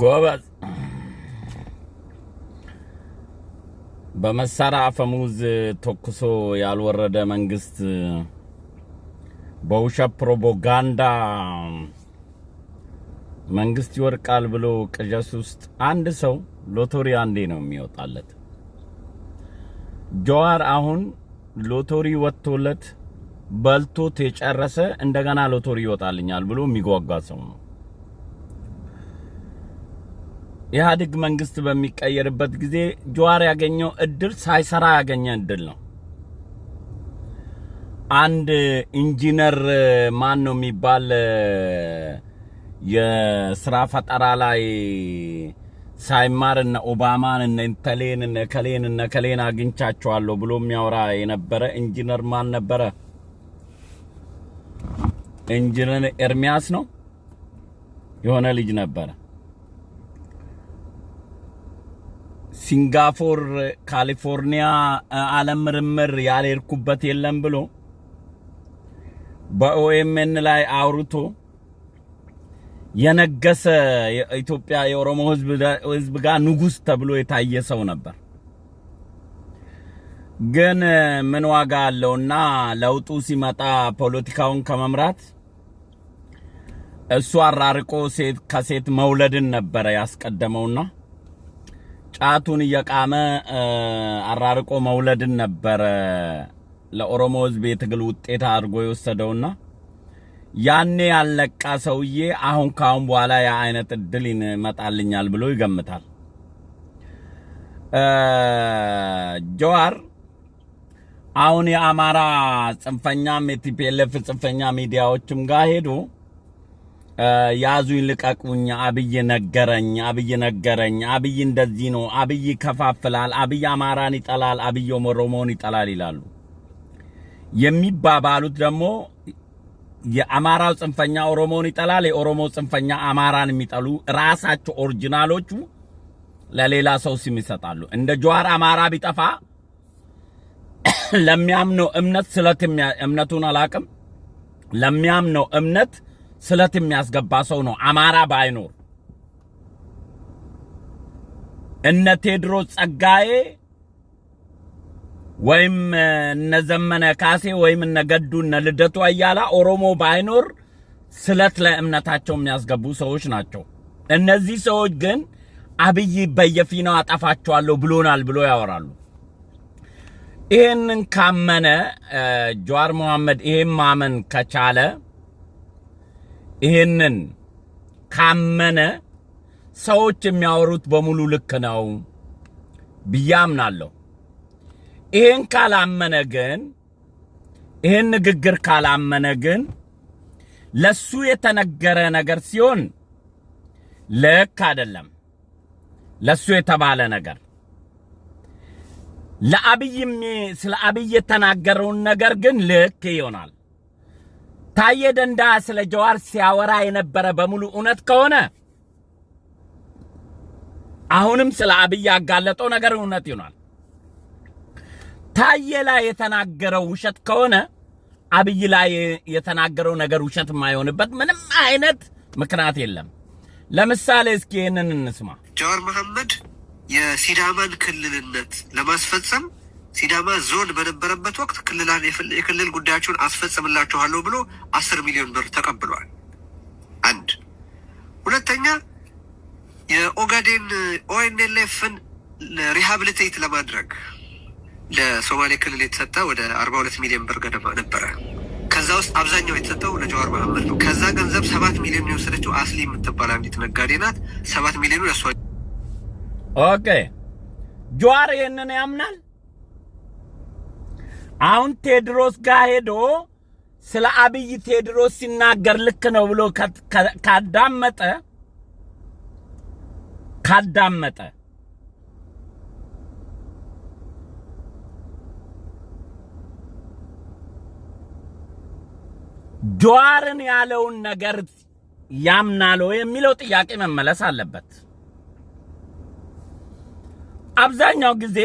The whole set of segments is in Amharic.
ጎበዝ በመሳሪያ አፈሙዝ ተኩሶ ያልወረደ መንግስት በውሸት ፕሮፓጋንዳ መንግስት ይወድቃል ብሎ ቅዠት ውስጥ አንድ ሰው ሎቶሪ አንዴ ነው የሚወጣለት። ጀዋር አሁን ሎቶሪ ወጥቶለት በልቶት የጨረሰ እንደገና ሎቶሪ ይወጣልኛል ብሎ የሚጓጓ ሰው ነው። ኢህአዴግ መንግስት በሚቀየርበት ጊዜ ጀዋር ያገኘው እድል ሳይሰራ ያገኘ እድል ነው። አንድ ኢንጂነር ማን ነው የሚባል የስራ ፈጠራ ላይ ሳይማር እነ ኦባማን እነ ተሌን እነ ከሌን እነ ከሌን አግኝቻቸዋለሁ ብሎ የሚያወራ የነበረ ኢንጂነር ማን ነበረ? ኢንጂነር ኤርሚያስ ነው የሆነ ልጅ ነበረ። ሲንጋፖር፣ ካሊፎርኒያ ዓለም ምርምር ያልሄድኩበት የለም ብሎ በኦኤምኤን ላይ አውርቶ የነገሰ ኢትዮጵያ የኦሮሞ ህዝብ ጋር ንጉስ ተብሎ የታየ ሰው ነበር። ግን ምን ዋጋ አለውና ለውጡ ሲመጣ ፖለቲካውን ከመምራት እሱ አራርቆ ሴት ከሴት መውለድን ነበረ ያስቀደመውና ጫቱን እየቃመ አራርቆ መውለድን ነበረ ለኦሮሞ ህዝብ የትግል ውጤት አድርጎ የወሰደውና ያኔ ያለቃ ሰውዬ አሁን ካሁን በኋላ ያ አይነት እድል ይመጣልኛል ብሎ ይገምታል። ጀዋር አሁን የአማራ ጽንፈኛም የቲፒኤልኤፍ ጽንፈኛ ሚዲያዎችም ጋር ሄዱ ያዙኝ ልቀቁኝ፣ አብይ ነገረኝ፣ አብይ ነገረኝ፣ አብይ እንደዚህ ነው፣ አብይ ይከፋፍላል፣ አብይ አማራን ይጠላል፣ አብይ ኦሮሞን ይጠላል ይላሉ። የሚባባሉት ደግሞ የአማራው ጽንፈኛ ኦሮሞን ይጠላል፣ የኦሮሞ ጽንፈኛ አማራን የሚጠሉ ራሳቸው ኦሪጂናሎቹ ለሌላ ሰው ስም ይሰጣሉ። እንደ ጀዋር አማራ ቢጠፋ ለሚያምነው እምነት ስለት እምነቱን አላቅም ለሚያምነው እምነት ስለት የሚያስገባ ሰው ነው። አማራ ባይኖር እነ ቴድሮስ ጸጋዬ ወይም እነ ዘመነ ካሴ ወይም እነ ገዱ እነ ልደቱ አያላ ኦሮሞ ባይኖር ስለት ለእምነታቸው የሚያስገቡ ሰዎች ናቸው። እነዚህ ሰዎች ግን አብይ በየፊናው አጠፋቸዋለሁ ብሎናል ብሎ ያወራሉ። ይህንን ካመነ ጀዋር መሐመድ ይሄን ማመን ከቻለ ይሄንን ካመነ ሰዎች የሚያወሩት በሙሉ ልክ ነው ብዬ አምናለሁ። ይሄን ካላመነ ግን ይሄን ንግግር ካላመነ ግን ለሱ የተነገረ ነገር ሲሆን ልክ አይደለም። ለሱ የተባለ ነገር ለአብይ ስለ አብይ የተናገረውን ነገር ግን ልክ ይሆናል። ታየ ደንዳ ስለ ጀዋር ሲያወራ የነበረ በሙሉ እውነት ከሆነ አሁንም ስለ አብይ ያጋለጠው ነገር እውነት ይሆናል። ታየ ላይ የተናገረው ውሸት ከሆነ አብይ ላይ የተናገረው ነገር ውሸት የማይሆንበት ምንም አይነት ምክንያት የለም። ለምሳሌ እስኪ ይህንን እንስማ። ጀዋር መሐመድ የሲዳማን ክልልነት ለማስፈጸም ሲዳማ ዞን በነበረበት ወቅት የክልል ጉዳያቸውን አስፈጽምላችኋለሁ ብሎ አስር ሚሊዮን ብር ተቀብሏል። አንድ ሁለተኛ የኦጋዴን ኦኤንኤልኤፍን ሪሃብሊቴት ለማድረግ ለሶማሌ ክልል የተሰጠ ወደ አርባ ሁለት ሚሊዮን ብር ገደማ ነበረ። ከዛ ውስጥ አብዛኛው የተሰጠው ለጀዋር መሐመድ ነው። ከዛ ገንዘብ ሰባት ሚሊዮን የወሰደችው አስሊ የምትባል አንዲት ነጋዴ ናት። ሰባት ሚሊዮኑ ያሷ ኦኬ ጀዋር ይህንን ያምናል። አሁን ቴድሮስ ጋር ሄዶ ስለ አብይ ቴድሮስ ሲናገር ልክ ነው ብሎ ካዳመጠ ካዳመጠ ጀዋርን ያለውን ነገር ያምናለው የሚለው ጥያቄ መመለስ አለበት። አብዛኛው ጊዜ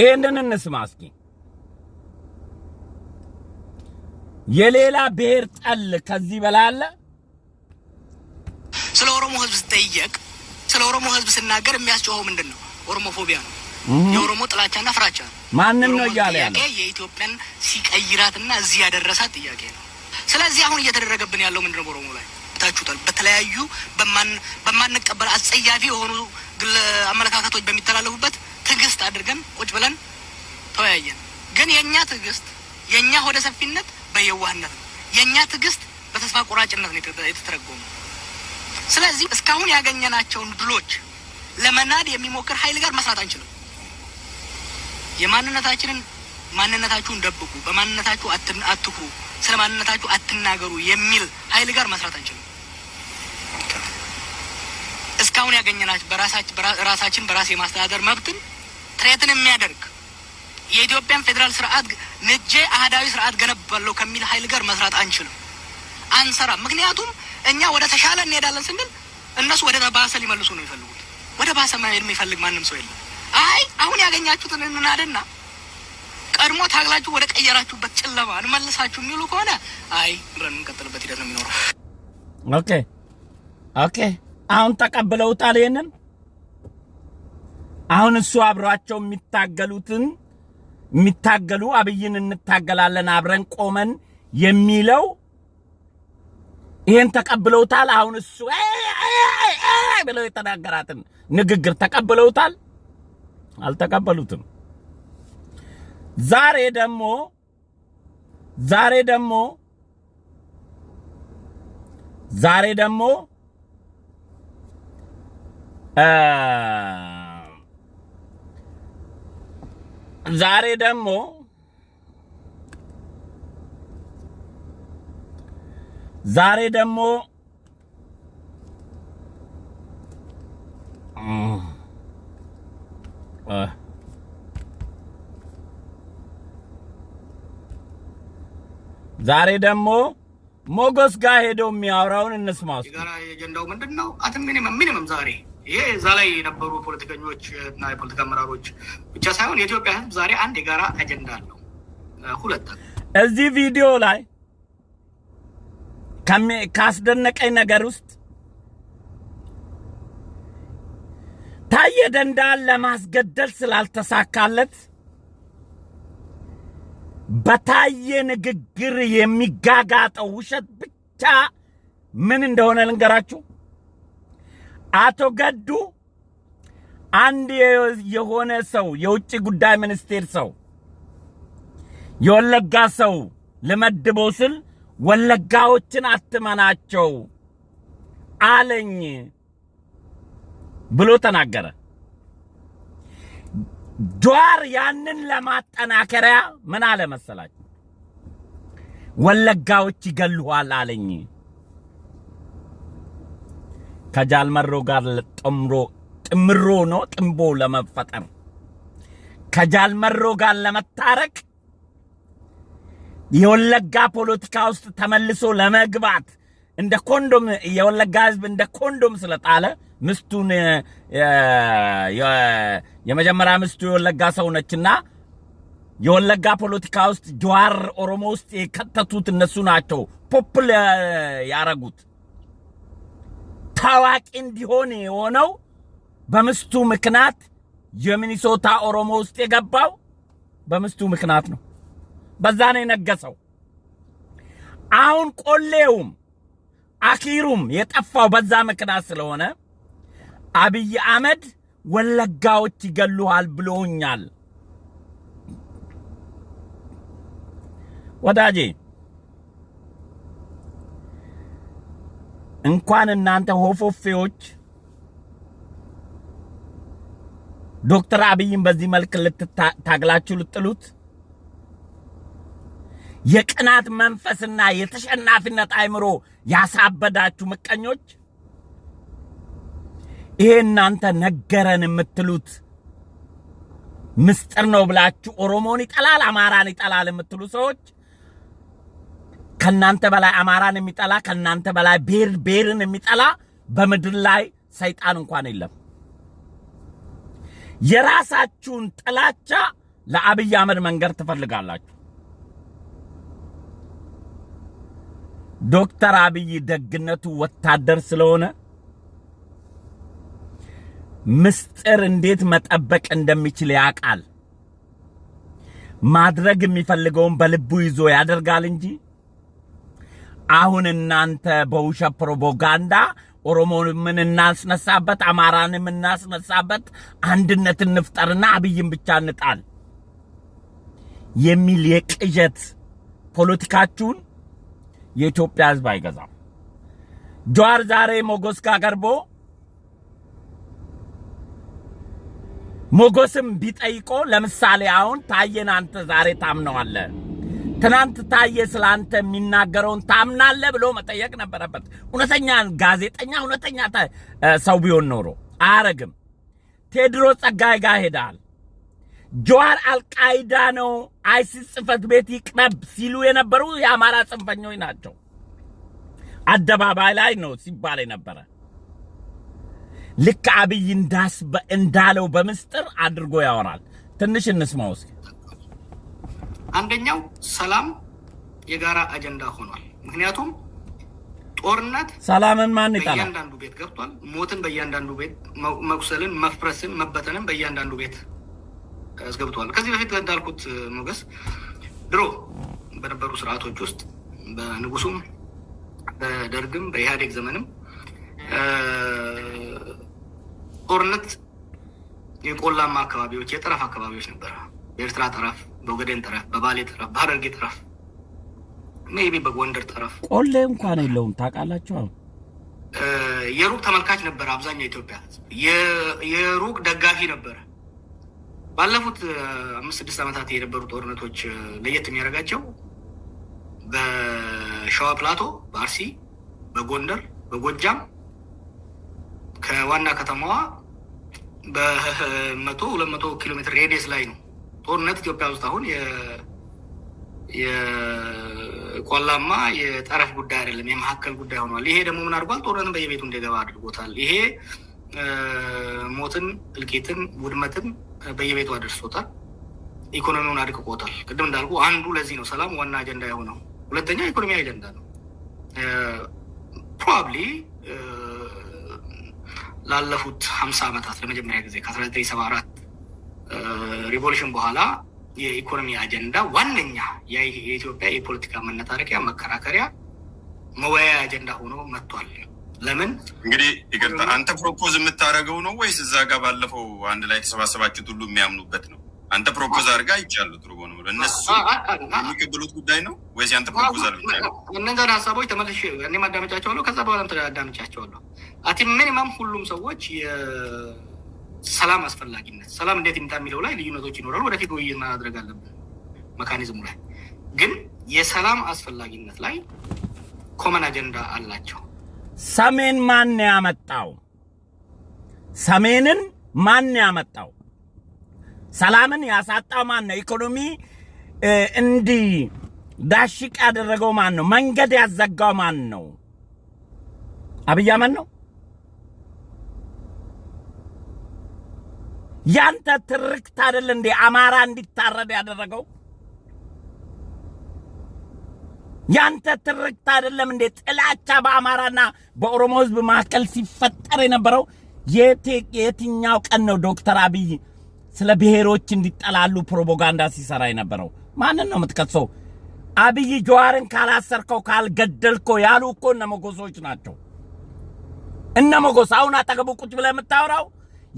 ይህንን እንስማ እስኪ። የሌላ ብሔር ጠል ከዚህ በላይ አለ? ስለ ኦሮሞ ህዝብ ስጠየቅ፣ ስለ ኦሮሞ ህዝብ ስናገር የሚያስጨሆው ምንድን ነው? ኦሮሞፎቢያ ነው። የኦሮሞ ጥላቻና ፍራቻ ነው። ማንን ነው እያለ ያለ? የኢትዮጵያን ሲቀይራትና እዚህ ያደረሳት ጥያቄ ነው። ስለዚህ አሁን እየተደረገብን ያለው ምንድነው? ነው? በኦሮሞ ላይ ታችሁታል። በተለያዩ በማንቀበል አጸያፊ የሆኑ ግል አመለካከቶች በሚተላለፉበት ትዕግስት አድርገን ቁጭ ብለን ተወያየን። ግን የእኛ ትዕግስት የእኛ ሆደ ሰፊነት በየዋህነት ነው። የእኛ ትዕግስት በተስፋ ቆራጭነት ነው የተተረጎመው። ስለዚህ እስካሁን ያገኘናቸውን ድሎች ለመናድ የሚሞክር ኃይል ጋር መስራት አንችልም። የማንነታችንን ማንነታችሁን ደብቁ፣ በማንነታችሁ አትኩሩ፣ ስለ ማንነታችሁ አትናገሩ የሚል ኃይል ጋር መስራት አንችልም። እስካሁን ያገኘናቸው በራሳችን በራስ የማስተዳደር መብትን ትሬትን የሚያደርግ የኢትዮጵያን ፌዴራል ስርዓት ንጄ አህዳዊ ስርዓት ገነባለሁ ከሚል ሀይል ጋር መስራት አንችልም፣ አንሰራም። ምክንያቱም እኛ ወደ ተሻለ እንሄዳለን ስንል እነሱ ወደ ባሰ ሊመልሱ ነው የሚፈልጉት። ወደ ባሰ መሄድ የሚፈልግ ማንም ሰው የለም። አይ አሁን ያገኛችሁትን እንናድና ቀድሞ ታግላችሁ ወደ ቀየራችሁበት ጨለማ እንመልሳችሁ የሚሉ ከሆነ አይ ብለን የምንቀጥልበት ሂደት ነው የሚኖረው። ኦኬ ኦኬ። አሁን ተቀብለውታል ይሄንን አሁን እሱ አብሯቸው የሚታገሉትን የሚታገሉ አብይን እንታገላለን አብረን ቆመን የሚለው ይሄን ተቀብለውታል። አሁን እሱ ብለው የተናገራትን ንግግር ተቀብለውታል? አልተቀበሉትም። ዛሬ ደግሞ ዛሬ ደግሞ ዛሬ ደግሞ ዛሬ ደግሞ ዛሬ ደግሞ ዛሬ ደግሞ ሞገስ ጋር ሄደው የሚያወራውን እንስማው። የጋራ አጀንዳው ምንድን ነው? አት ሚኒመም ሚኒመም ዛሬ ይሄ እዛ ላይ የነበሩ ፖለቲከኞች እና የፖለቲካ አመራሮች ብቻ ሳይሆን የኢትዮጵያ ሕዝብ ዛሬ አንድ የጋራ አጀንዳ አለው። ሁለት እዚህ ቪዲዮ ላይ ካስደነቀኝ ነገር ውስጥ ታየ ደንዳን ለማስገደል ስላልተሳካለት በታየ ንግግር የሚጋጋጠው ውሸት ብቻ ምን እንደሆነ ልንገራችሁ። አቶ ገዱ አንድ የሆነ ሰው የውጭ ጉዳይ ሚኒስቴር ሰው የወለጋ ሰው ልመድበው ስል ወለጋዎችን አትመናቸው አለኝ ብሎ ተናገረ። ጀዋር ያንን ለማጠናከሪያ ምን አለ መሰላችሁ? ወለጋዎች ይገሉሃል አለኝ። ከጃልመሮ ጋር ጥምሮ ጥምሮ ነው ጥምቦ ለመፈጠር ከጃልመሮ ጋር ለመታረቅ የወለጋ ፖለቲካ ውስጥ ተመልሶ ለመግባት እንደ ኮንዶም የወለጋ ህዝብ እንደ ኮንዶም ስለጣለ ምስቱን የመጀመሪያ ምስቱ የወለጋ ሰው ነችና የወለጋ ፖለቲካ ውስጥ ጀዋር ኦሮሞ ውስጥ የከተቱት እነሱ ናቸው። ፖፕል ያረጉት ታዋቂ እንዲሆን የሆነው በምስቱ ምክንያት የሚኒሶታ ኦሮሞ ውስጥ የገባው በምስቱ ምክንያት ነው። በዛ ነው የነገሰው። አሁን ቆሌውም አኪሩም የጠፋው በዛ ምክንያት ስለሆነ አብይ አህመድ ወለጋዎች ይገሉሃል ብሎኛል ወዳጄ። እንኳን እናንተ ሆፎፌዎች ዶክተር አብይን በዚህ መልክ ልትታግላችሁ ልጥሉት የቅናት መንፈስና የተሸናፊነት አይምሮ ያሳበዳችሁ ምቀኞች ይሄ እናንተ ነገረን የምትሉት ምስጢር ነው ብላችሁ ኦሮሞን ይጠላል፣ አማራን ይጠላል የምትሉ ሰዎች ከናንተ በላይ አማራን የሚጠላ ከናንተ በላይ ብሔር ብሔርን የሚጠላ በምድር ላይ ሰይጣን እንኳን የለም። የራሳችሁን ጥላቻ ለአብይ አህመድ መንገድ ትፈልጋላችሁ። ዶክተር አብይ ደግነቱ ወታደር ስለሆነ ምስጢር እንዴት መጠበቅ እንደሚችል ያውቃል። ማድረግ የሚፈልገውን በልቡ ይዞ ያደርጋል እንጂ አሁን እናንተ በውሸት ፕሮፓጋንዳ ኦሮሞን እናስነሳበት አማራን የምናስነሳበት አንድነት እንፍጠርና አብይን ብቻ እንጣል የሚል የቅዠት ፖለቲካችሁን የኢትዮጵያ ሕዝብ አይገዛም። ጀዋር ዛሬ ሞጎስ ጋር ቀርቦ ሞጎስም ቢጠይቆ ለምሳሌ አሁን ታየን አንተ ዛሬ ታምነዋለህ ትናንት ታየ ስለ አንተ የሚናገረውን ታምናለ ብሎ መጠየቅ ነበረበት። እውነተኛ ጋዜጠኛ እውነተኛ ሰው ቢሆን ኖሮ አያረግም። ቴድሮስ ጸጋይ ጋር ሄዳል። ጀዋር አልቃይዳ ነው አይሲስ ጽህፈት ቤት ይቅረብ ሲሉ የነበሩ የአማራ ጽንፈኞች ናቸው። አደባባይ ላይ ነው ሲባል የነበረ ልክ አብይ እንዳለው በምስጥር አድርጎ ያወራል። ትንሽ እንስማውስ አንደኛው ሰላም የጋራ አጀንዳ ሆኗል። ምክንያቱም ጦርነት ሰላምን ማን ይጣላል? በእያንዳንዱ ቤት ገብቷል። ሞትን በእያንዳንዱ ቤት፣ መቁሰልን፣ መፍረስን፣ መበተንን በእያንዳንዱ ቤት አስገብቷል። ከዚህ በፊት እንዳልኩት ሞገስ ድሮ በነበሩ ስርዓቶች ውስጥ በንጉሱም በደርግም በኢህአዴግ ዘመንም ጦርነት የቆላማ አካባቢዎች የጠረፍ አካባቢዎች ነበር። የኤርትራ ጠረፍ በጎደን ጠረፍ፣ በባሌ ጠረፍ፣ በሐረርጌ ጠረፍ ሜቢ በጎንደር ጠረፍ ቆሌ እንኳን የለውም። ታውቃላችሁ የሩቅ ተመልካች ነበረ አብዛኛው ኢትዮጵያ የሩቅ ደጋፊ ነበረ። ባለፉት አምስት ስድስት ዓመታት የነበሩ ጦርነቶች ለየት የሚያደርጋቸው በሸዋ ፕላቶ፣ በአርሲ፣ በጎንደር፣ በጎጃም ከዋና ከተማዋ በመቶ ሁለት መቶ ኪሎ ሜትር ሬዲየስ ላይ ነው ጦርነት ኢትዮጵያ ውስጥ አሁን የቆላማ የጠረፍ ጉዳይ አይደለም፣ የመካከል ጉዳይ ሆኗል። ይሄ ደግሞ ምን አድርጓል? ጦርነትን በየቤቱ እንደገባ አድርጎታል። ይሄ ሞትን፣ እልቂትን፣ ውድመትን በየቤቱ አድርሶታል። ኢኮኖሚውን አድቅቆታል። ቅድም እንዳልኩ አንዱ ለዚህ ነው ሰላም ዋና አጀንዳ የሆነው። ሁለተኛ ኢኮኖሚ አጀንዳ ነው። ፕሮባብሊ ላለፉት ሀምሳ ዓመታት ለመጀመሪያ ጊዜ ከ1974 ሪቮሉሽን በኋላ የኢኮኖሚ አጀንዳ ዋነኛ የኢትዮጵያ የፖለቲካ መነታረቂያ፣ መከራከሪያ፣ መወያያ አጀንዳ ሆኖ መጥቷል። ለምን እንግዲህ ይቅርታ፣ አንተ ፕሮፖዝ የምታደርገው ነው ወይስ እዛ ጋር ባለፈው አንድ ላይ የተሰባሰባችሁት ሁሉ የሚያምኑበት ነው? አንተ ፕሮፖዝ አድርጋ ይቻሉ ትርጎ ነው እነሱ የሚቀበሉት ጉዳይ ነው ወይስ አንተ ፕሮፖዝ አድርጋ? እነዛን ሀሳቦች ተመልሽ እኔም አዳመጫቸዋለሁ፣ ከዛ በኋላም አዳመጫቸዋለሁ። አቲ ሚኒመም ሁሉም ሰዎች ሰላም አስፈላጊነት ሰላም እንዴት ይምጣ የሚለው ላይ ልዩነቶች ይኖራሉ። ወደፊት ውይይት ማድረግ አለብን መካኒዝሙ ላይ ግን የሰላም አስፈላጊነት ላይ ኮመን አጀንዳ አላቸው። ሰሜን ማን ያመጣው? ሰሜንን ማን ያመጣው? ሰላምን ያሳጣው ማን ነው? ኢኮኖሚ እንዲህ ዳሽቅ ያደረገው ማን ነው? መንገድ ያዘጋው ማን ነው? አብይ አህመድ ነው። ያንተ ትርክት አይደል እንዴ አማራ እንዲታረድ ያደረገው? ያንተ ትርክት አይደለም እንዴ ጥላቻ በአማራና በኦሮሞ ህዝብ መካከል ሲፈጠር የነበረው? የትኛው ቀን ነው ዶክተር አብይ ስለ ብሔሮች እንዲጠላሉ ፕሮፓጋንዳ ሲሰራ የነበረው? ማንን ነው የምትከሰው? አብይ ጀዋርን ካላሰርከው ካልገደልከው ያሉ እኮ እነ መጎሶች ናቸው። እነ መጎስ አሁን አጠገቡ ቁጭ ብለህ የምታወራው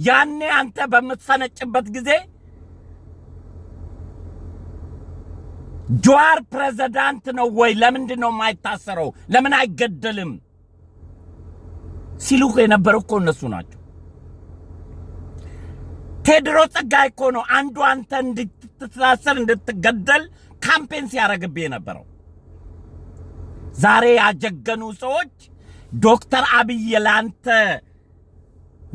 ያኔ አንተ በምትሰነጭበት ጊዜ ጀዋር ፕሬዝዳንት ነው ወይ? ለምንድን ነው የማይታሰረው? ለምን አይገደልም? ሲሉ የነበረ እኮ እነሱ ናቸው። ቴድሮ ጸጋዬ እኮ ነው አንዱ አንተ እንድትታሰር እንድትገደል ካምፔን ሲያደርግብህ የነበረው። ዛሬ ያጀገኑ ሰዎች ዶክተር አብይ ለአንተ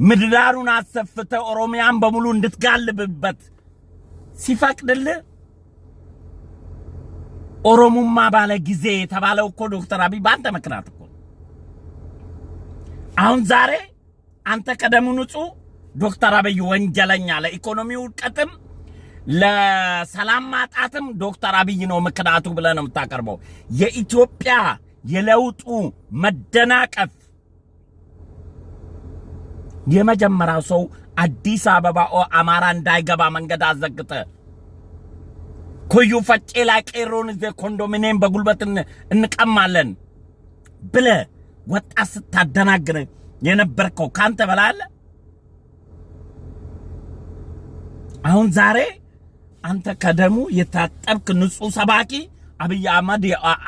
ምድራሩን አሰፍተ ኦሮሚያን በሙሉ እንድትጋልብበት ሲፈቅድልህ ኦሮሙማ ባለ ጊዜ የተባለው እኮ ዶክተር አብይ በአንተ ምክንያት እኮ አሁን ዛሬ አንተ ከደሙ ንጹህ ዶክተር አብይ ወንጀለኛ ለኢኮኖሚ ውድቀትም ለሰላም ማጣትም ዶክተር አብይ ነው ምክንያቱ ብለህ ነው የምታቀርበው። የኢትዮጵያ የለውጡ መደናቀፍ የመጀመሪያው ሰው አዲስ አበባ አማራ እንዳይገባ መንገድ አዘግተ ኩዩ ፈጬ ላይ ቄሮን ኮንዶሚኒየም በጉልበት እንቀማለን ብለ ወጣት ስታደናግር የነበርከው ካንተ በላለ። አሁን ዛሬ አንተ ከደሙ የታጠብክ ንጹህ ሰባኪ አብይ አህመድ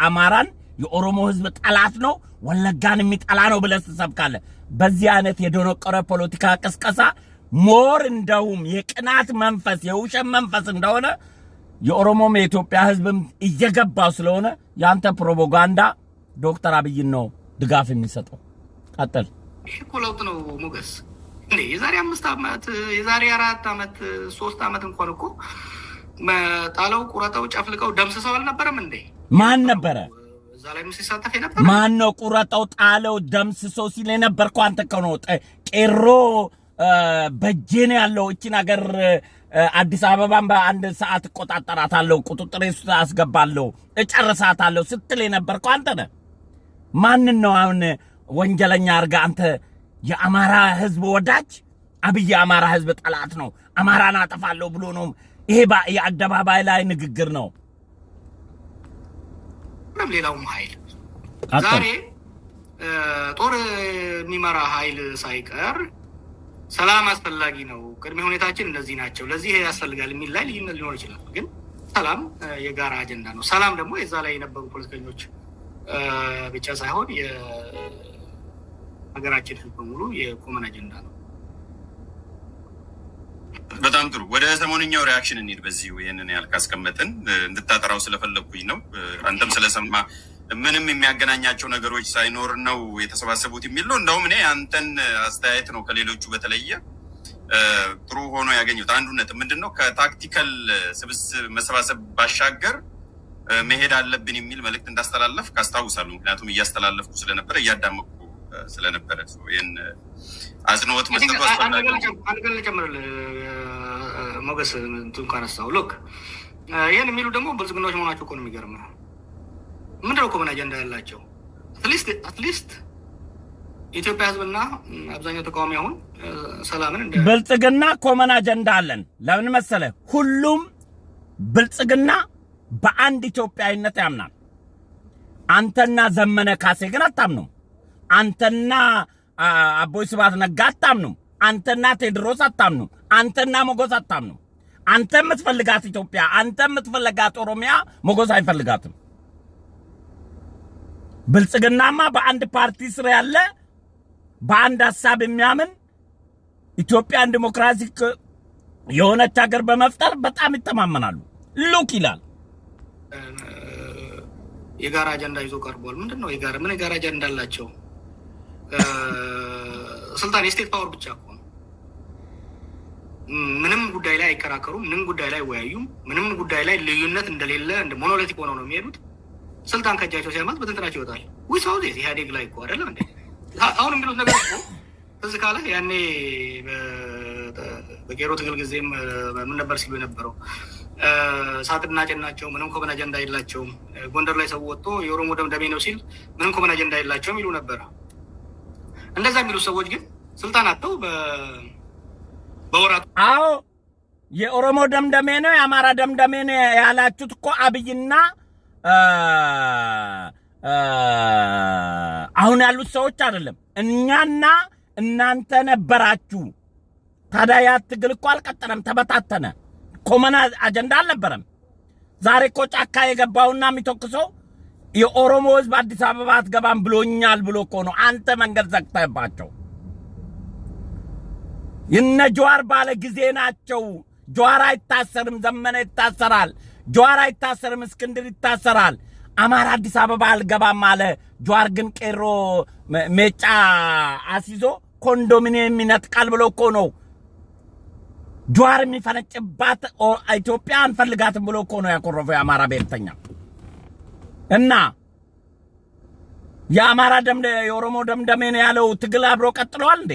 አማራን የኦሮሞ ህዝብ ጠላት ነው፣ ወለጋን የሚጠላ ነው ብለ ትሰብካለህ። በዚህ አይነት የደነቆረ ፖለቲካ ቅስቀሳ ሞር እንደውም የቅናት መንፈስ የውሸት መንፈስ እንደሆነ የኦሮሞም የኢትዮጵያ ሕዝብም እየገባው ስለሆነ ያንተ ፕሮፓጋንዳ ዶክተር አብይን ነው ድጋፍ የሚሰጠው። ቀጥል። እኮ ለውጥ ነው ሞገስ። የዛሬ አምስት ዓመት የዛሬ አራት ዓመት ሶስት ዓመት እንኳን እኮ ጣለው፣ ቁረጠው፣ ጨፍልቀው ደምስሰው አልነበረም እንዴ? ማን ነበረ? ማን ነው ቁረጠው፣ ጣለው፣ ደምስሶ ሲል የነበርኩ አንተ እኮ ነው። ቄሮ በጄ ነው ያለው። እችን ሀገር አዲስ አበባን በአንድ ሰዓት እቆጣጠራታለሁ፣ ቁጥጥሬ ውስጥ አስገባለሁ፣ እጨርሳታለሁ ስትል የነበርኩ አንተ ነህ። ማንን ነው አሁን ወንጀለኛ አድርጋ አንተ? የአማራ ህዝብ ወዳጅ አብይ የአማራ ህዝብ ጠላት ነው፣ አማራን አጠፋለሁ ብሎ ነው። ይሄ የአደባባይ ላይ ንግግር ነው። ምንም ሌላውም ሀይል ዛሬ ጦር የሚመራ ኃይል ሳይቀር ሰላም አስፈላጊ ነው፣ ቅድመ ሁኔታችን እነዚህ ናቸው፣ ለዚህ ያስፈልጋል የሚል ላይ ልዩነት ሊኖር ይችላል። ግን ሰላም የጋራ አጀንዳ ነው። ሰላም ደግሞ የዛ ላይ የነበሩ ፖለቲከኞች ብቻ ሳይሆን የሀገራችን ህዝብ በሙሉ የኮመን አጀንዳ ነው። በጣም ጥሩ። ወደ ሰሞንኛው ሪያክሽን እንሂድ። በዚሁ ይህንን ያልካስቀመጥን እንድታጠራው ስለፈለግኩኝ ነው። አንተም ስለሰማ ምንም የሚያገናኛቸው ነገሮች ሳይኖር ነው የተሰባሰቡት የሚል ነው። እንደውም እኔ አንተን አስተያየት ነው ከሌሎቹ በተለየ ጥሩ ሆኖ ያገኘሁት። አንዱነት ምንድነው ምንድን ነው ከታክቲካል ስብስብ መሰባሰብ ባሻገር መሄድ አለብን የሚል መልእክት እንዳስተላለፍ ካስታውሳሉ። ምክንያቱም እያስተላለፍኩ ስለነበረ እያዳመቁ ስለነበረ ይህን አጽንኦት መስጠቱ አስፈላጊ። ሞገስ እንትን ካነሳው ይህን የሚሉ ደግሞ ብልጽግናዎች መሆናቸው እኮ ነው የሚገርምህ። ምንድነው እኮ ምን አጀንዳ ያላቸው? አትሊስት የኢትዮጵያ ህዝብና አብዛኛው ተቃዋሚ አሁን ሰላምን ብልጽግና ኮመን አጀንዳ አለን። ለምን መሰለ? ሁሉም ብልጽግና በአንድ ኢትዮጵያዊነት ያምናል። አንተና ዘመነ ካሴ ግን አታምኑም። አንተና አቦይ ስብሐት ነጋ አታምኑም። አንተና ቴድሮስ አታምኑም። አንተና ሞጎስ አታምኑም። አንተ የምትፈልጋት ኢትዮጵያ፣ አንተ የምትፈልጋት ኦሮሚያ ሞጎስ አይፈልጋትም። ብልጽግናማ በአንድ ፓርቲ ስር ያለ በአንድ ሀሳብ የሚያምን ኢትዮጵያን ዲሞክራሲ የሆነች ሀገር በመፍጠር በጣም ይተማመናሉ። ሉክ ይላል። የጋራ አጀንዳ ይዞ ቀርቧል። ምንድን ነው የጋራ ምን የጋራ አጀንዳ አላቸው? ስልጣን የስቴት ፓወር ብቻ ከሆነ ምንም ጉዳይ ላይ አይከራከሩም፣ ምንም ጉዳይ ላይ አይወያዩም፣ ምንም ጉዳይ ላይ ልዩነት እንደሌለ እንደ ሞኖሊቲክ ሆነው ነው የሚሄዱት። ስልጣን ከእጃቸው ሲያልማት በትንትናቸው ይወጣል። ዊ ሰው ዜት ኢህአዴግ ላይ እኮ አይደለም አሁን የሚሉት ነገር እኮ እዚ ካለ ያኔ በቄሮ ትግል ጊዜም ምን ነበር ሲሉ የነበረው ሳጥና ጭናቸው ምንም ኮመን አጀንዳ የላቸውም። ጎንደር ላይ ሰው ወጥቶ የኦሮሞ ደምደሜ ነው ሲል ምንም ኮመን አጀንዳ የላቸውም ይሉ ነበር። እንደዛ የሚሉ ሰዎች ግን ስልጣን አጥተው በወራቱ አዎ የኦሮሞ ደምደሜ ነው የአማራ ደምደሜ ነው ያላችሁት እኮ አብይና አሁን ያሉት ሰዎች አይደለም፣ እኛና እናንተ ነበራችሁ። ታዲያ ያ ትግል እኮ አልቀጠለም፣ ተበታተነ። ኮመን አጀንዳ አልነበረም። ዛሬ እኮ ጫካ የገባውና የሚተኩሰው የኦሮሞ ህዝብ አዲስ አበባ አትገባም ብሎኛል ብሎ እኮ ነው አንተ መንገድ ዘግተህባቸው። እነ ጀዋር ባለ ጊዜ ናቸው። ጀዋር አይታሰርም፣ ዘመነ ይታሰራል። ጀዋር አይታሰርም፣ እስክንድር ይታሰራል። አማራ አዲስ አበባ አልገባም አለ። ጀዋር ግን ቄሮ ሜጫ አስይዞ ኮንዶሚኒየም ይነጥቃል ብሎ እኮ ነው ጀዋር የሚፈነጭባት ኢትዮጵያ አንፈልጋትም ብሎ እኮ ነው ያኮረፈው የአማራ ብሔርተኛ። እና የአማራ ደም የኦሮሞ ደምደሜን ያለው ትግል አብሮ ቀጥለዋል እንዴ?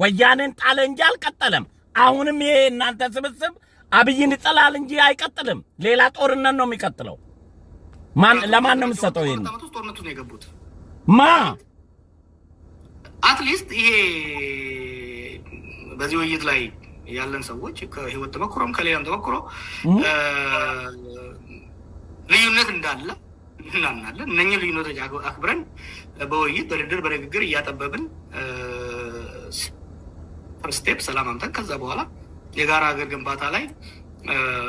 ወያኔን ጣለ እንጂ አልቀጠለም። አሁንም ይሄ እናንተ ስብስብ አብይን ይጠላል እንጂ አይቀጥልም። ሌላ ጦርነት ነው የሚቀጥለው። ማን ለማን ነው የምትሰጠው? ይሄን ጦርነቱ ነው የገቡት ማ አትሊስት ይሄ በዚህ ውይይት ላይ ያለን ሰዎች ከህይወት ተመክሮም ከሌላም ተመክሮ ልዩነት እንዳለ እናምናለን። እነኝህ ልዩነቶች አክብረን በውይይት በድርድር በንግግር እያጠበብን ስቴፕ ሰላም አምተን ከዛ በኋላ የጋራ ሀገር ግንባታ ላይ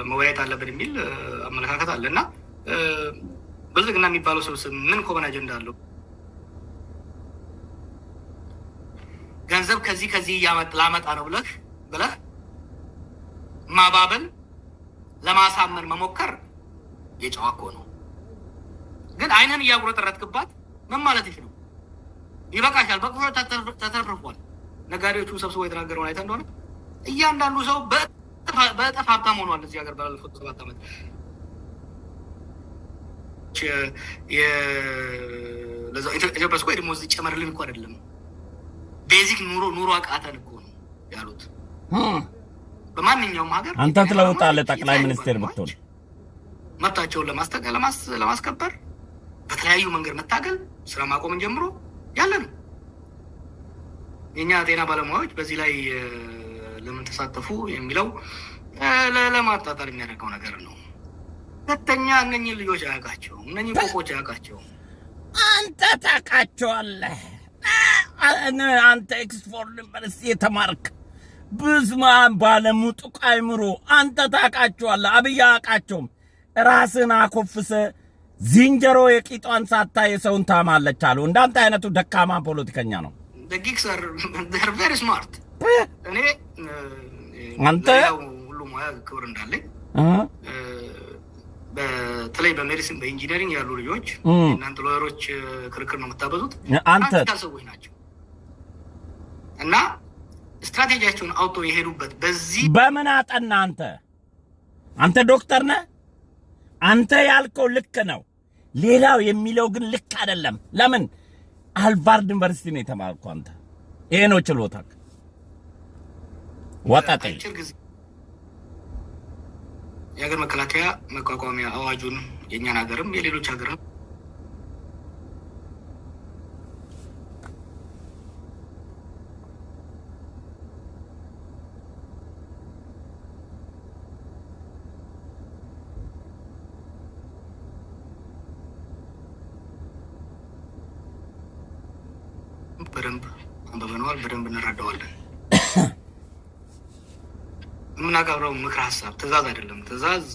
መወያየት አለብን የሚል አመለካከት አለ እና ብልጽግና የሚባለው ስብስብ ምን ኮመን አጀንዳ አለው? ገንዘብ ከዚህ ከዚህ ላመጣ ነው ብለህ ብለህ ማባበል ለማሳመን መሞከር የጨዋ እኮ ነው። ግን አይንህን እያጉረጠረጥክባት ምን ማለት ይችሉ ይበቃሻል። በቁ ተተርፏል። ነጋዴዎቹ ሰብስቦ የተናገረውን አይተህ እንደሆነ እያንዳንዱ ሰው በእጥፍ ሀብታም ሆኗል። እዚህ ሀገር ባለፉት ሰባት ዓመት ኢትዮጵያ ስኮ ደግሞ እዚህ ጨመርልን እኮ አይደለም ቤዚክ ኑሮ ኑሮ አቃተን እኮ ነው ያሉት። በማንኛውም ሀገር አንተ ትለውጣለህ ጠቅላይ ሚኒስቴር ብትሆን መብታቸውን ለማስከበር በተለያዩ መንገድ መታገል ስራ ማቆምን ጀምሮ ያለ ነው። የእኛ ጤና ባለሙያዎች በዚህ ላይ ለምን ተሳተፉ የሚለው ለማጣጣል የሚያደርገው ነገር ነው። ሁለተኛ እነኚህ ልጆች አያውቃቸውም፣ እነኚህ ቆቆች አያውቃቸውም። አንተ ታውቃቸዋለህ። አንተ ኤክስፎርድ ዩኒቨርሲቲ የተማርክ ብዙማን ባለሙጡቅ አይምሮ አንተ ታውቃቸዋለህ። አብይ አያውቃቸውም። ራስን አኮፍሰ ዝንጀሮ የቂጧን ሳታ የሰውን ታማለች አሉ። እንዳንተ አይነቱ ደካማ ፖለቲከኛ ነው። አንተ ክብር እንዳለኝ በተለይ በሜዲሲን በኢንጂነሪንግ ያሉ ልጆች እናንተ ሎየሮች ክርክር ነው የምታበዙት። አንተ ሰዎች ናቸው እና ስትራቴጂያቸውን አውጥቶ የሄዱበት በዚህ በምን አጠና አንተ አንተ ዶክተር ነህ። አንተ ያልከው ልክ ነው። ሌላው የሚለው ግን ልክ አይደለም። ለምን አልቫርድ ዩኒቨርሲቲ ነው የተማርኩ። አንተ ይሄ ነው ችሎታክ። ወጣጤ የሀገር መከላከያ መቋቋሚያ አዋጁን የእኛን ሀገርም የሌሎች ሀገርም በደንብ አንበበነዋል፣ በደንብ እንረዳዋለን። የምናቀርበው ምክር ሀሳብ ትዕዛዝ አይደለም። ትዕዛዝ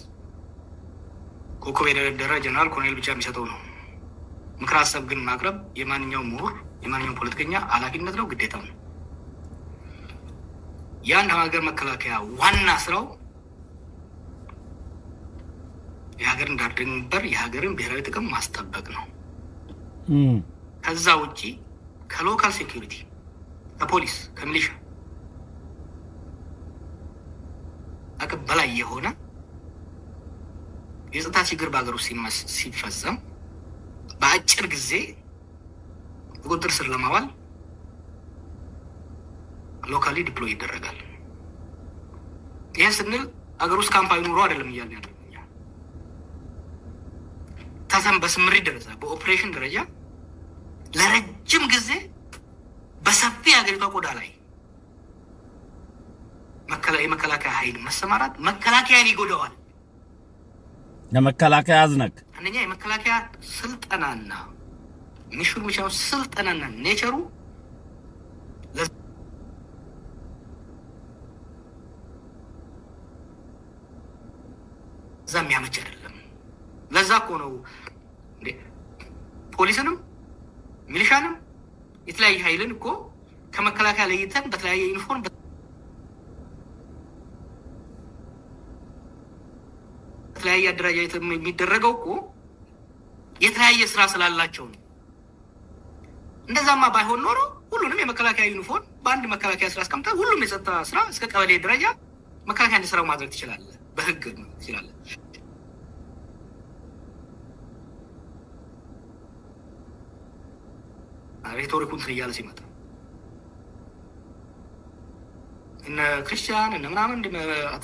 ኮከብ የደረደረ ጀነራል ኮሎኔል ብቻ የሚሰጠው ነው። ምክር ሀሳብ ግን ማቅረብ የማንኛውም ምሁር የማንኛውም ፖለቲከኛ ኃላፊነት ነው፣ ግዴታ ነው። የአንድ ሀገር መከላከያ ዋና ስራው የሀገርን ዳር ድንበር የሀገርን ብሔራዊ ጥቅም ማስጠበቅ ነው። ከዛ ውጪ ከሎካል ሴኪሪቲ ከፖሊስ ከሚሊሻ አቅም በላይ የሆነ የጸጥታ ችግር በሀገር ውስጥ ሲፈጸም በአጭር ጊዜ ቁጥጥር ስር ለማዋል ሎካሊ ዲፕሎይ ይደረጋል። ይህ ስንል አገር ውስጥ ካምፓኝ ኑሮ አይደለም እያለ ያለ ተሰም በስምሪት ደረጃ በኦፕሬሽን ደረጃ ለረጅም ጊዜ በሰፊ የአገሪቷ ቆዳ ላይ የመከላከያ ኃይል መሰማራት መከላከያን ይጎዳዋል። ለመከላከያ አዝነቅ አንደኛ የመከላከያ ስልጠናና ሚሽኑ ብቻ ስልጠናና ኔቸሩ ለዛ የሚያመች አይደለም። ለዛ እኮ ነው ፖሊስንም ሚሊሻንም የተለያየ ኃይልን እኮ ከመከላከያ ለይተን በተለያየ ዩኒፎርም በተለያየ አደራጃ የሚደረገው እኮ የተለያየ ስራ ስላላቸው ነው። እንደዛማ ባይሆን ኖሮ ሁሉንም የመከላከያ ዩኒፎርም በአንድ መከላከያ ስራ አስቀምጠ ሁሉም የጸጥታ ስራ እስከ ቀበሌ ደረጃ መከላከያ እንዲሰራው ማድረግ ትችላለህ፣ በህግ ትችላለህ። ሬቶሪኩ እንትን እያለ ሲመጣ እነ ክርስቲያን እነ ምናምን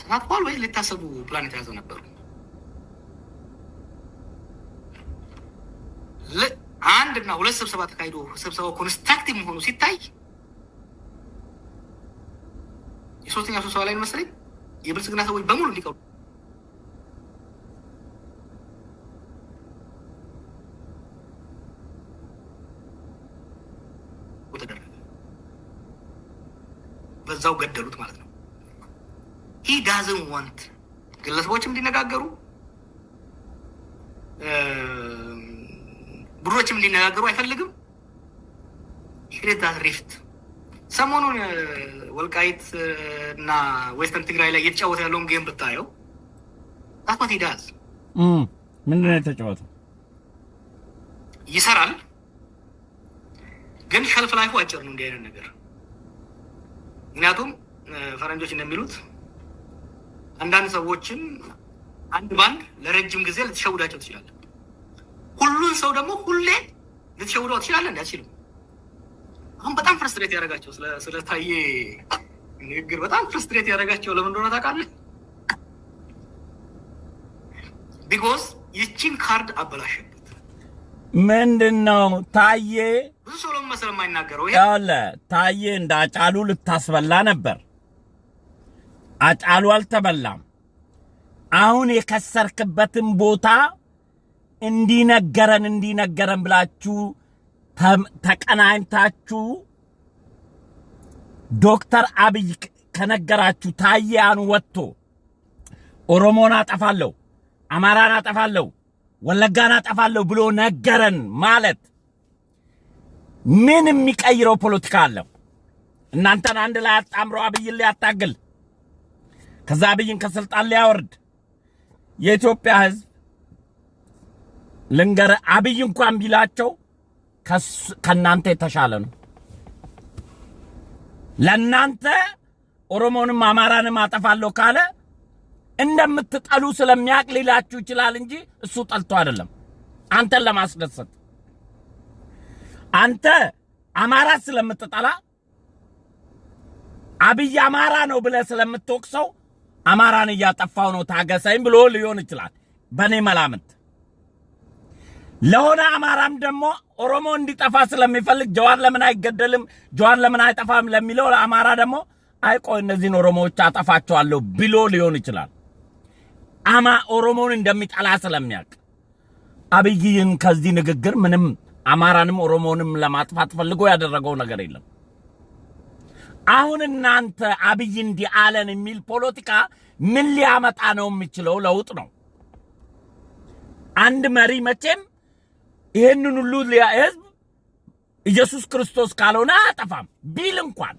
ተሳትፏል ወይ ሊታሰቡ ፕላን የተያዘ ነበሩ። አንድና ሁለት ስብሰባ ተካሂዶ ስብሰባው ኮንስትራክቲቭ መሆኑ ሲታይ የሶስተኛ ስብሰባ ላይ መሰለኝ የብልጽግና ሰዎች በሙሉ እንዲቀሩ እዛው ገደሉት ማለት ነው። ሂ ዳዝን ወንት ግለሰቦችም እንዲነጋገሩ ቡድኖችም እንዲነጋገሩ አይፈልግም። ሄሬታ ሪፍት ሰሞኑን ወልቃይት እና ዌስተን ትግራይ ላይ እየተጫወተ ያለውን ጌም ብታየው ጣፋት ሂዳዝ ምንድን ነው ይሰራል ግን ሸልፍ ላይፉ አጭር ነው እንዲህ አይነት ነገር ምክንያቱም ፈረንጆች እንደሚሉት አንዳንድ ሰዎችን አንድ ባንድ ለረጅም ጊዜ ልትሸውዳቸው ትችላለ። ሁሉን ሰው ደግሞ ሁሌ ልትሸውዳው ትችላለን እንዳችልም አሁን በጣም ፍርስትሬት ያደረጋቸው ስለታየ ንግግር በጣም ፍርስትሬት ያደረጋቸው ለምን እንደሆነ ታውቃለህ? ቢኮዝ ይቺን ካርድ አበላሸብን። ምንድን ነው ታዬ ያለ ታዬ እንደ አጫሉ ልታስበላ ነበር። አጫሉ አልተበላም። አሁን የከሰርክበትን ቦታ እንዲነገረን እንዲነገረን ብላችሁ ተቀናኝታችሁ ዶክተር አብይ ከነገራችሁ ታዬ አኑ ወጥቶ ኦሮሞን አጠፋለሁ፣ አማራን አጠፋለሁ ወለጋን አጠፋለሁ ብሎ ነገረን ማለት ምን የሚቀይረው ፖለቲካ አለው? እናንተን አንድ ላይ አጣምሮ አብይን ሊያታግል ከዛ አብይን ከስልጣን ሊያወርድ የኢትዮጵያ ሕዝብ ልንገረ አብይ እንኳን ቢላቸው ከእናንተ የተሻለ ነው። ለእናንተ ኦሮሞንም አማራንም አጠፋለሁ ካለ እንደምትጠሉ ስለሚያቅ ሊላችሁ ይችላል እንጂ እሱ ጠልቶ አይደለም። አንተን ለማስደሰት አንተ አማራ ስለምትጠላ አብይ አማራ ነው ብለህ ስለምትወቅሰው አማራን እያጠፋው ነው ታገሰኝ ብሎ ሊሆን ይችላል። በእኔ መላምት ለሆነ አማራም ደግሞ ኦሮሞ እንዲጠፋ ስለሚፈልግ ጀዋር ለምን አይገደልም፣ ጀዋር ለምን አይጠፋም ለሚለው አማራ ደግሞ አይቆ እነዚህን ኦሮሞዎች አጠፋቸዋለሁ ብሎ ሊሆን ይችላል። አማ ኦሮሞን እንደሚጠላ ስለሚያውቅ አብይን ከዚህ ንግግር ምንም አማራንም ኦሮሞንም ለማጥፋት ፈልጎ ያደረገው ነገር የለም። አሁን እናንተ አብይ እንዲህ አለን የሚል ፖለቲካ ምን ሊያመጣ ነው የሚችለው? ለውጥ ነው። አንድ መሪ መቼም ይህንን ሁሉ ህዝብ ኢየሱስ ክርስቶስ ካልሆነ አጠፋም ቢል እንኳን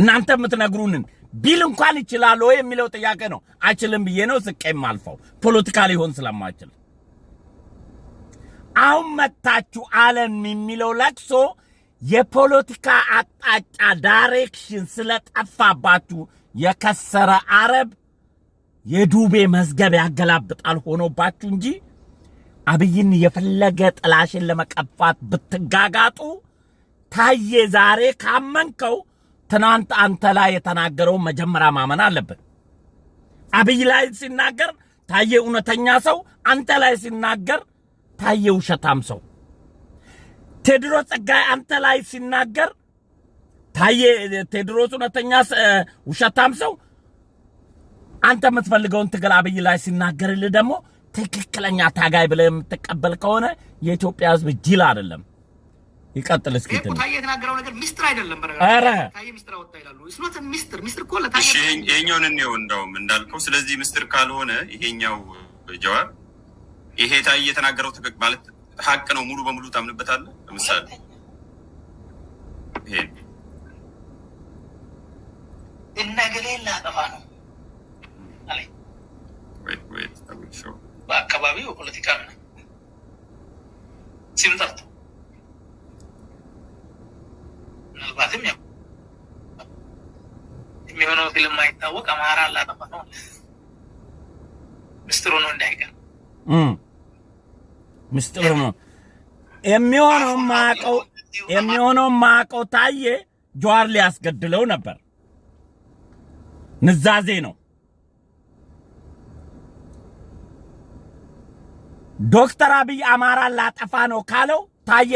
እናንተ የምትነግሩንን ቢል እንኳን ይችላል ወይ የሚለው ጥያቄ ነው። አይችልም ብዬ ነው ዝቅ አልፈው ፖለቲካ ሊሆን ስለማይችል አሁን መታችሁ አለም የሚለው ለቅሶ የፖለቲካ አቅጣጫ ዳይሬክሽን ስለጠፋባችሁ የከሰረ አረብ የዱቤ መዝገብ ያገላብጣል ሆኖባችሁ እንጂ አብይን የፈለገ ጥላሽን ለመቀፋት ብትጋጋጡ ታዬ ዛሬ ካመንከው ትናንት አንተ ላይ የተናገረውን መጀመሪያ ማመን አለብን። አብይ ላይ ሲናገር ታየ እውነተኛ ሰው፣ አንተ ላይ ሲናገር ታየ ውሸታም ሰው። ቴድሮስ ጸጋይ አንተ ላይ ሲናገር ታየ ቴድሮስ እውነተኛ ውሸታም ሰው፣ አንተ የምትፈልገውን ትግል አብይ ላይ ሲናገርልህ ደግሞ ትክክለኛ ታጋይ ብለህ የምትቀበል ከሆነ የኢትዮጵያ ሕዝብ ጅል አይደለም። ይቀጥል እስኪ ትንሽ ታዬ የተናገረው ነገር ሚስጥር አይደለም። በነገራችን ታዬ ሚስጥር አወጣ ይላሉ። እሱ ስሎት ሚስጥር ሚስጥር እኮ ለታዬ ይሄኛውን እኔው እንደውም እንዳልከው፣ ስለዚህ ሚስጥር ካልሆነ ይሄኛው ጀዋር ይሄ ታዬ የተናገረው ትክክል ማለት ሀቅ ነው። ሙሉ በሙሉ ታምንበታለህ። ለምሳሌ ይሄ እና ገሌን ላጠፋ ነው አለኝ። በአካባቢው ፖለቲካ ሲሉ ጠርተው ምናልባትም ያው የሚሆነው የማይታወቅ አማራ አላጠፋ ነው ምስጢሩ ነው እንዳይቀር ምስጢሩ ነው የሚሆነው ማቀው የሚሆነው ማቀው ታየ ጀዋር ሊያስገድለው ነበር። ንዛዜ ነው። ዶክተር አብይ አማራ ላጠፋ ነው ካለው ታየ